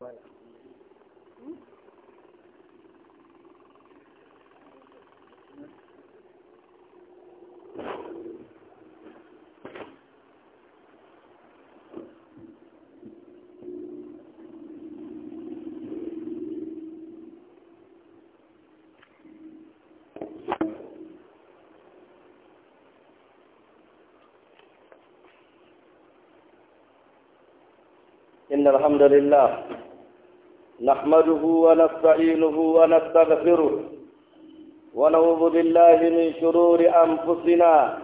إن الحمد لله نحمده ونستعينه ونستغفره ونعوذ بالله من شرور أنفسنا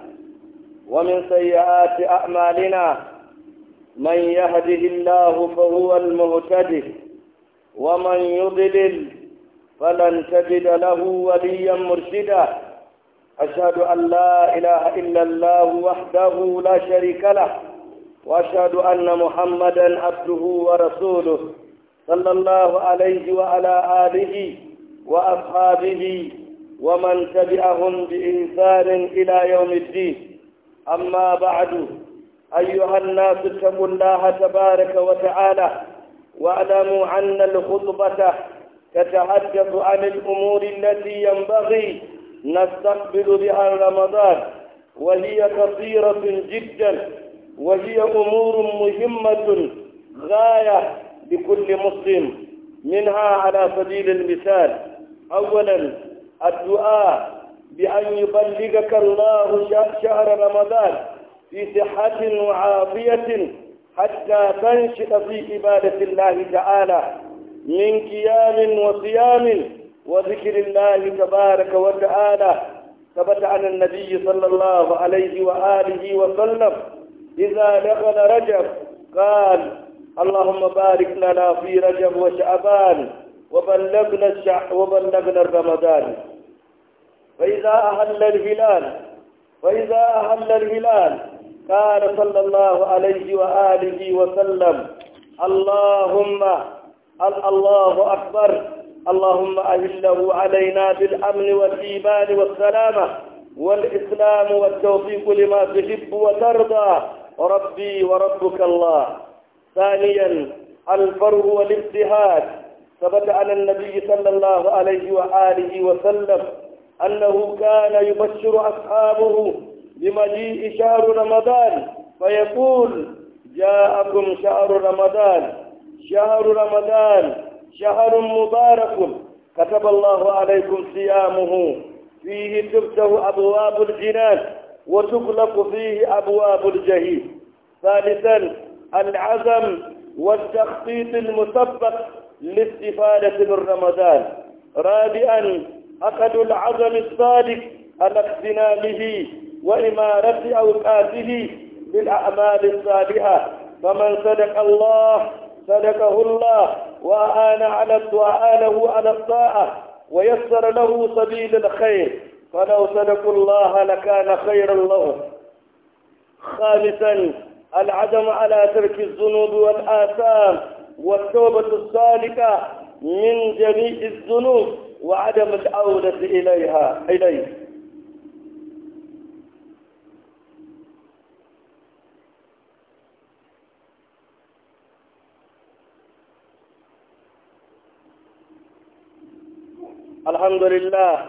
ومن سيئات أعمالنا من يهده الله فهو المهتد ومن يضلل فلن تجد له وليا مرشدا أشهد أن لا إله إلا الله وحده لا شريك له وأشهد أن محمدا عبده ورسوله صلى الله عليه وعلى آله وأصحابه ومن تبعهم بإنسان إلى يوم الدين أما بعد أيها الناس اتقوا الله تبارك وتعالى واعلموا أن الخطبة تتحدث عن الأمور التي ينبغي نستقبل بها رمضان وهي كثيرة جدا وهي أمور مهمة غاية لكل مسلم منها على سبيل المثال أولا الدعاء بأن يبلغك الله شهر رمضان في صحة وعافية حتى تنشط في عبادة الله تعالى من قيام وصيام وذكر الله تبارك وتعالى ثبت عن النبي صلى الله عليه وآله وسلم إذا دخل رجب قال اللهم بارك لنا في رجب وشعبان وبلغنا وبلغنا رمضان فإذا أهل الهلال فإذا أهل الهلال قال صلى الله عليه وآله وسلم اللهم الله أكبر اللهم أهله علينا بالأمن والإيمان والسلامة والإسلام والتوفيق لما تحب وترضى ربي وربك الله ثانيا الفرع والاجتهاد ثبت على النبي صلى الله عليه وآله وسلم أنه كان يبشر أصحابه بمجيء شهر رمضان فيقول جاءكم شهر رمضان شهر رمضان شهر مبارك كتب الله عليكم صيامه فيه تفتح أبواب الجنان وتغلق فيه أبواب الجهيد ثالثا العزم والتخطيط المسبق للاستفادة من رمضان رابعا أخذ العزم الصادق على اغتنامه وإمارة أوقاته بالأعمال الصالحة فمن صدق الله صدقه الله وآن على وآله على الطاعة ويسر له سبيل الخير فلو صدقوا الله لكان خيرا لهم خامسا العدم على ترك الذنوب والآثام والتوبة الصالحة من جميع الذنوب وعدم العودة إليها إليه الحمد لله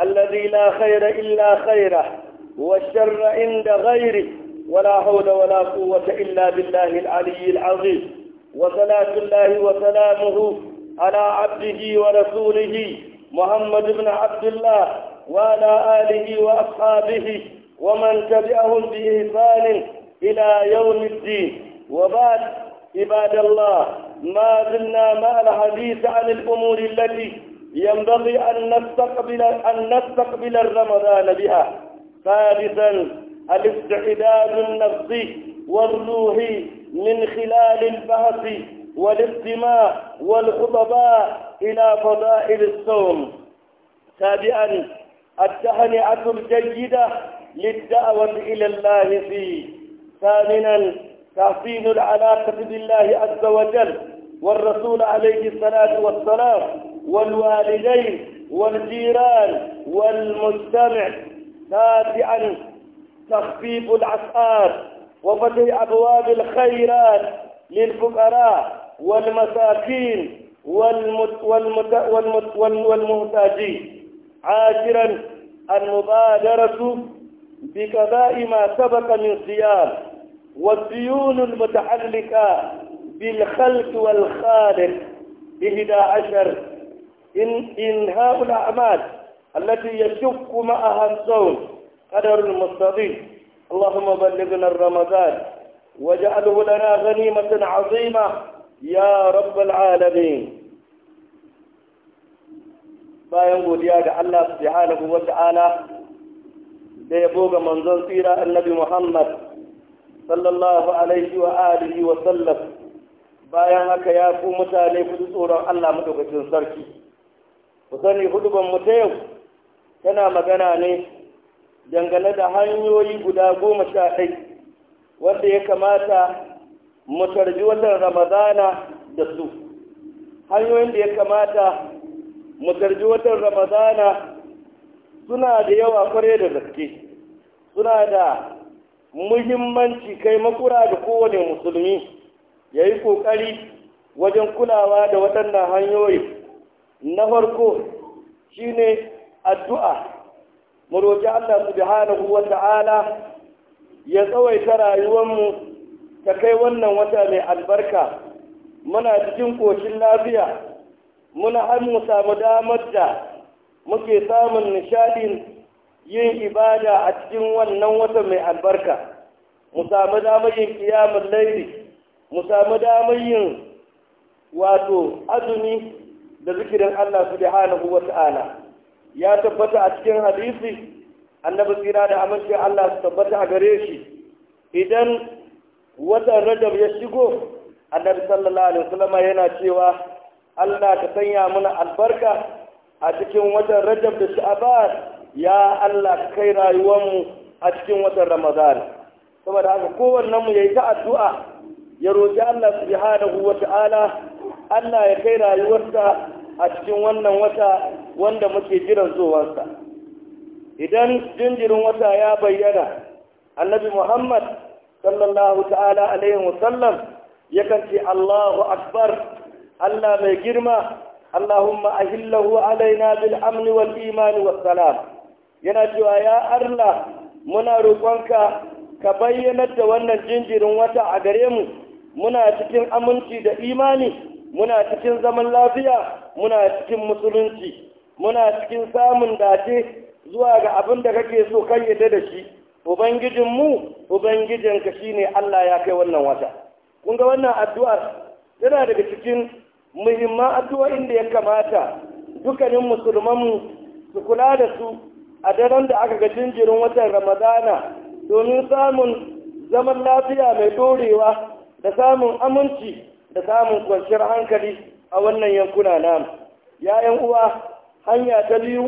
الذي لا خير إلا خيره والشر عند غيره ولا حول ولا قوة إلا بالله العلي العظيم وصلاة الله وسلامه على عبده ورسوله محمد بن عبد الله وعلى آله وأصحابه ومن تبعهم بإحسان إلى يوم الدين وبعد عباد الله ما زلنا مع الحديث عن الأمور التي ينبغي أن نستقبل أن نستقبل الرمضان بها ثالثا الاستعداد النفسي والروحي من خلال البحث والاستماع والخطباء إلى فضائل الصوم سابعا التهنئة الجيدة للدعوة إلى الله فيه ثامنا تحسين العلاقة بالله عز وجل والرسول عليه الصلاة والسلام والوالدين والجيران والمجتمع تاسعا تخفيف الأسعار وفتح أبواب الخيرات للفقراء والمساكين والمت والمت والمت والمحتاجين عاشرا المبادرة بقضاء ما سبق من صيام والديون المتعلقة بالخلق والخالق بهدى عشر إن إنهاء الأعمال التي يشك معها الصوم قدر المستطيل اللهم بلغنا الرمضان واجعله لنا غنيمة عظيمة يا رب العالمين bayan godiya ga Allah subhanahu wa ta'ala da ya boga manzon tsira annabi Muhammad sallallahu alaihi wa alihi wa sallam bayan haka ya ku mutane ku ji tsoron Allah madaukakin sarki ku sani huduban mu ta yau tana magana ne dangane da hanyoyi guda goma sha ɗai wanda ya kamata mu tarbi watan ramadana da su hanyoyin da ya kamata mu tarbi watan ramadana suna da yawa kware da gaske suna da muhimmanci kai makura da kowane musulmi ya yi ƙoƙari wajen kulawa da waɗannan hanyoyi na farko shine addu'a mu roƙi Allah subhanahu wa ta'ala ya tsawaita rayuwarmu ta kai wannan wata mai albarka muna cikin ƙoshin lafiya muna har mu samu damar da muke samun nishaɗin yin ibada a cikin wannan wata mai albarka mu samu damar yin kiyamun laifi mu samu damar yin wato azumi da zikirin Allah subhanahu wa ta'ala ya tabbata a cikin hadisi annabi tsira da amince Allah su tabbata a gare shi idan watan rajab ya shigo annabi sallallahu alaihi wasallam yana cewa Allah ka sanya mana albarka a cikin watan rajab da sha'ban ya Allah ka kai rayuwarmu a cikin watan ramadan saboda haka kowannen mu yayi ta addu'a ya roki Allah subhanahu wata'ala Allah ya kai rayuwarsa a cikin wannan wata wanda muke jiran zuwansa idan jinjirin wata ya bayyana annabi muhammad sallallahu ta'ala alaihi wasallam ya ce allahu akbar allah mai girma allahumma ahillahu alaina bil amni wal imani was salam yana cewa ya allah muna roƙonka ka bayyanar da wannan jinjirin wata a gare mu muna cikin aminci da imani muna cikin zaman lafiya muna cikin musulunci muna cikin samun dace zuwa ga abin da kake so kan yadda da shi ubangijinmu ubangijinka ne Allah ya kai wannan wata kun ga wannan addu'ar tana daga cikin muhimman addu'o'in da ya kamata dukkanin musulmanmu su kula da su a daren da aka ga jinjirin watan ramadana domin samun zaman lafiya mai dorewa da samun aminci da samun kwanciyar hankali a wannan yankuna namu ya'yan uwa hanya ta biyu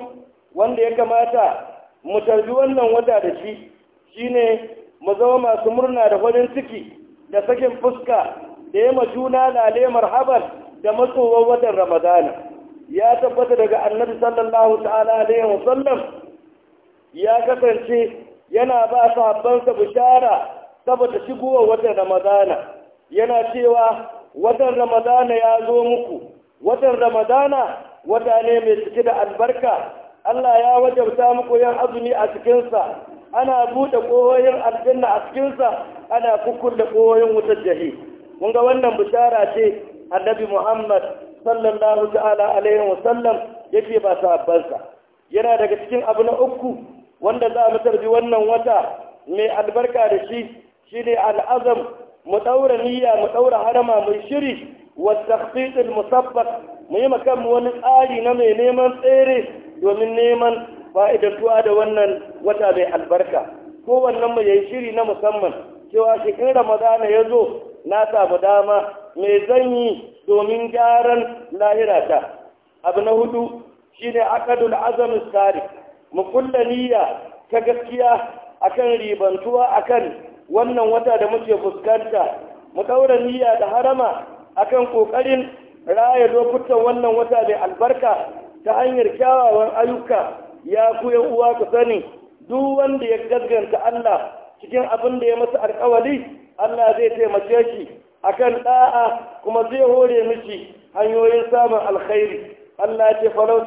wanda ya kamata mu tarbi wannan wata da shi shine mu zama masu murna da farin ciki da sakin fuska da yama juna lale marhabar da matsowar watan ramadana ya tabbata daga annabi sallallahu ta'ala alaihi wasallam ya kasance yana ba sahabbansa bishara saboda shigowar watan ramadana yana cewa watan ramadana ya zo muku watan ramadana wata ne mai cike da albarka Allah ya wajabta muku yin azumi a cikinsa ana buɗe ƙohoyin aljanna a cikinsa ana kukur da ƙohoyin wutar jahi mun ga wannan bishara ce annabi muhammad sallallahu ta'ala alaihi ya yake ba sahabbansa yana daga cikin abu na uku wanda za mu tarbi wannan wata mai albarka da shi shine al'azam mu ɗaura niyya mu ɗaura harama mu shiri wattaqtiqil musabbaq muyi makan wani tsari na mai neman tsere domin neman fa'idar da wannan wata mai albarka ko wannan mai yayi shiri na musamman cewa shekarun ramadana ya zo na samu dama mai zanyi domin gyaran lahirata. abu na hudu shine aqdul azamus sari mu kulla niyya ta gaskiya akan ribantuwa akan wannan wata da muke fuskanta mu ƙaura niyya da harama akan ƙoƙarin raya lokutan wannan wata mai albarka ta hanyar kyawawan ayyuka ya ku yan uwa ku sani duk wanda ya gaskanta Allah cikin abin da ya masa alƙawari Allah zai taimake shi akan da'a kuma zai hore miki hanyoyin samun alkhairi Allah ce falau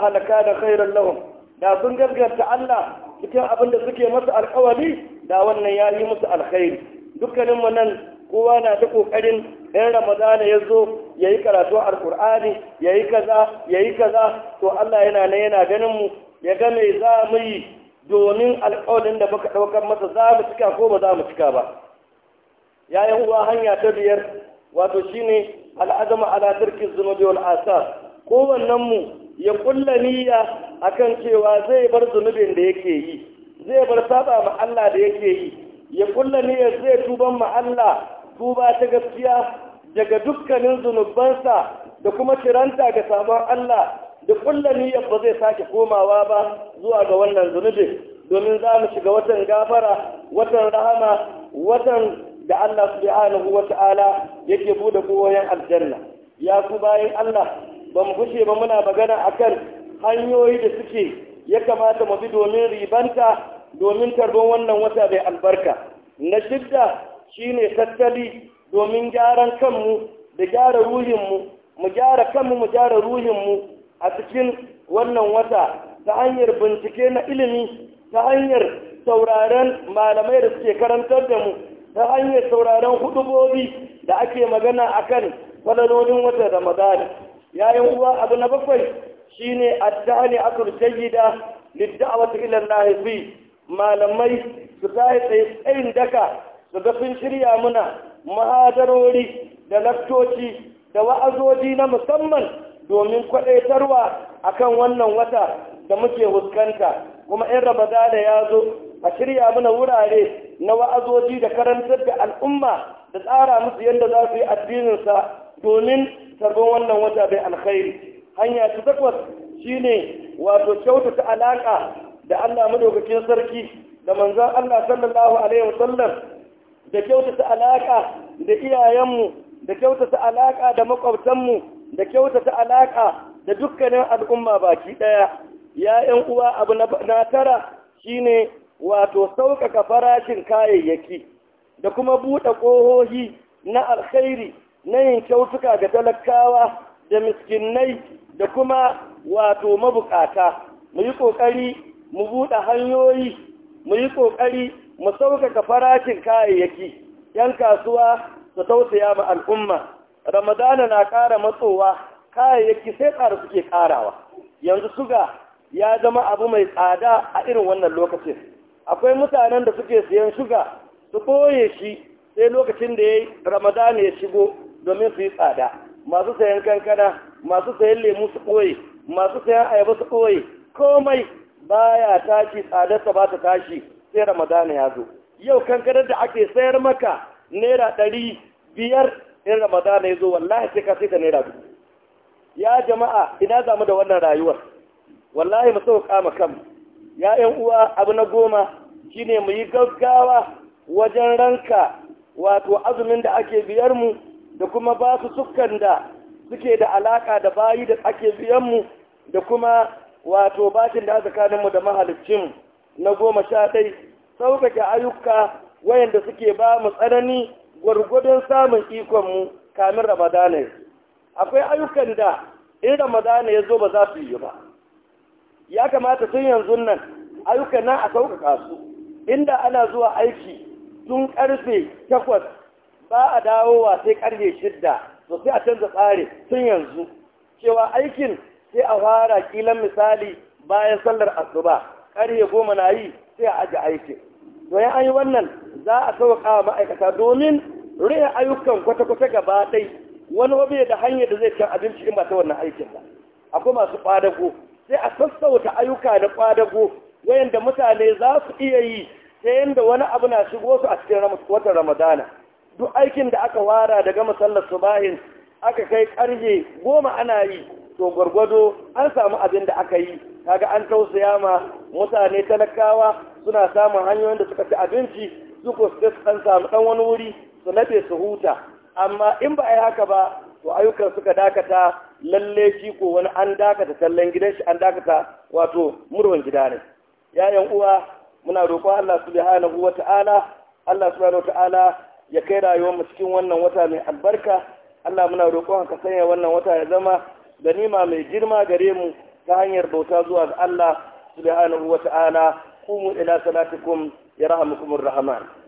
halaka da khairan lahum da sun gaskanta Allah cikin abin da suke masa alƙawari da wannan ya yi musu alkhairi dukkaninmu nan kowa na ta kokarin yan ramadana ya zo ya yi karatu alkur'ani ya yi kaza ya yi kaza to allah yana nan yana ganin mu ya ga mai za mu yi domin alƙawarin da muka ɗaukar masa za mu cika ko ba za mu cika ba ya yi uwa hanya ta biyar wato shine al'azama ala tarki zunubi wal asar kowannen mu ya kulla niyya akan cewa zai bar zunubin da yake yi zai bar saba ma Allah da yake yi ya kulla niyya zai tuban ma Allah tuba ta gaskiya daga dukkanin zunubansa da kuma kiranta ga sabon Allah da kulla niyyar ba zai sake komawa ba zuwa ga wannan zunubin domin za mu shiga watan gafara watan rahama watan da Allah subhanahu wata'ala yake bude koyon aljanna ya ku bayan Allah ba mu fushe ba muna magana akan hanyoyi da suke ya kamata mu bi domin ribanta domin karbon wannan wata bai albarka na shidda Shi ne tattali domin gyaran kanmu da gyara ruhinmu mu gyara kanmu mu gyara ruhinmu a cikin wannan wata ta hanyar bincike na ilimi ta hanyar sauraren malamai da suke karantar da mu ta hanyar sauraren hudubobi da ake magana akan falalolin da ramadan yayin uwa abu na bakwai shi ne shine addani akul lidda a wata Allah fi malamai su tsaye tsayin daka daga sun shirya muna mahadarori da laftoci da wa'azoji na musamman domin a kan wannan wata da muke huskanta kuma in rabada da ya zo a shirya muna wurare na wa'azoji da karantar da al'umma da tsara musu yadda za su yi addininsa domin sarbin wannan wata bai alkhairi hanya ta takwas shine wato kyautata alaƙa da Allah madaukakin sarki da manzon Allah sallallahu alaihi wasallam da kyautata alaƙa da iyayenmu da kyautata alaƙa da makwabtanmu da kyautata alaƙa da dukkanin al'umma baki ɗaya ya uwa abu na tara shine wato sauƙaƙa farashin kayayyaki da kuma buɗe ƙohohi na alkhairi na yin kyautuka ga talakawa da miskinai da kuma wato mabukata mu yi ƙoƙari mu buɗe hanyoyi mu yi ƙoƙari mu sauƙaƙa farashin kayayyaki yan kasuwa su tausaya ma al'umma ramadana na ƙara matsowa kayayyaki sai ƙara suke ƙarawa yanzu suga ya zama abu mai tsada a irin wannan lokacin akwai mutanen da suke siyan suga su koye shi sai lokacin da ya yi ramadana ya shigo domin su yi tsada masu sayan kankana masu sayan lemu su ɓoye masu sayan ayaba su ɓoye komai baya tashi tsadarsa ba ta tashi sai ramadana ya zo yau kankanar da ake sayar maka naira ɗari biyar in ramadana ya zo wallahi sai ka sai ta naira dubu ya jama'a ina zamu da wannan rayuwar wallahi mu sauka ma kan ya ƴan uwa abu na goma shine mu yi gaggawa wajen ranka wato azumin da ake biyar mu da kuma ba su sukan da suke da alaka da bayi da ake biyan mu da kuma wato batin da tsakanin mu da mahaliccin na goma sha ɗai sauƙaƙe ayyuka wayanda suke ba mu tsanani gwargwadon samun ikonmu kamin ramadana ya akwai ayyukan da in ramadana ya zo ba za su yi ba ya kamata tun yanzu nan ayyukan nan a sauƙaƙa su inda ana zuwa aiki tun ƙarfe takwas ba a dawowa sai ƙarfe shidda to sai a canza tsari tun yanzu cewa aikin sai a fara kilan misali bayan sallar asuba ƙarye goma na yi sai a aji aiki to ya an yi wannan za a sauƙa wa ma'aikata domin rai ayyukan kwata-kwata gaba ɗai wani wabe da hanyar da zai ci abinci in ba ta wannan aikin ba akwai masu ƙwadago sai a sassauta ayyuka da ƙwadago wayanda mutane za su iya yi sai yadda wani abu na shigo su a cikin watan ramadana duk aikin da aka wara daga masallar subahin aka kai ƙarye goma ana yi to gwargwado an samu abin da aka yi kaga an tausaya ma mutane talakawa suna samun hanyoyin da suka ci abinci su ko su san samu dan wani wuri su nafe su huta amma in ba a yi haka ba to ayyukan suka dakata lalle shi ko wani an dakata tallan gidan shi an dakata wato murwan gida ne yayan uwa muna roƙon Allah subhanahu wata'ala Allah subhanahu wata'ala ya kai rayuwar mu cikin wannan wata mai albarka Allah muna roƙon ka sanya wannan wata ya zama ganima mai girma gare mu ta hanyar bauta zuwa ga Allah subhanahu wa ta'ala qumu ila salatikum yarhamukumur rahman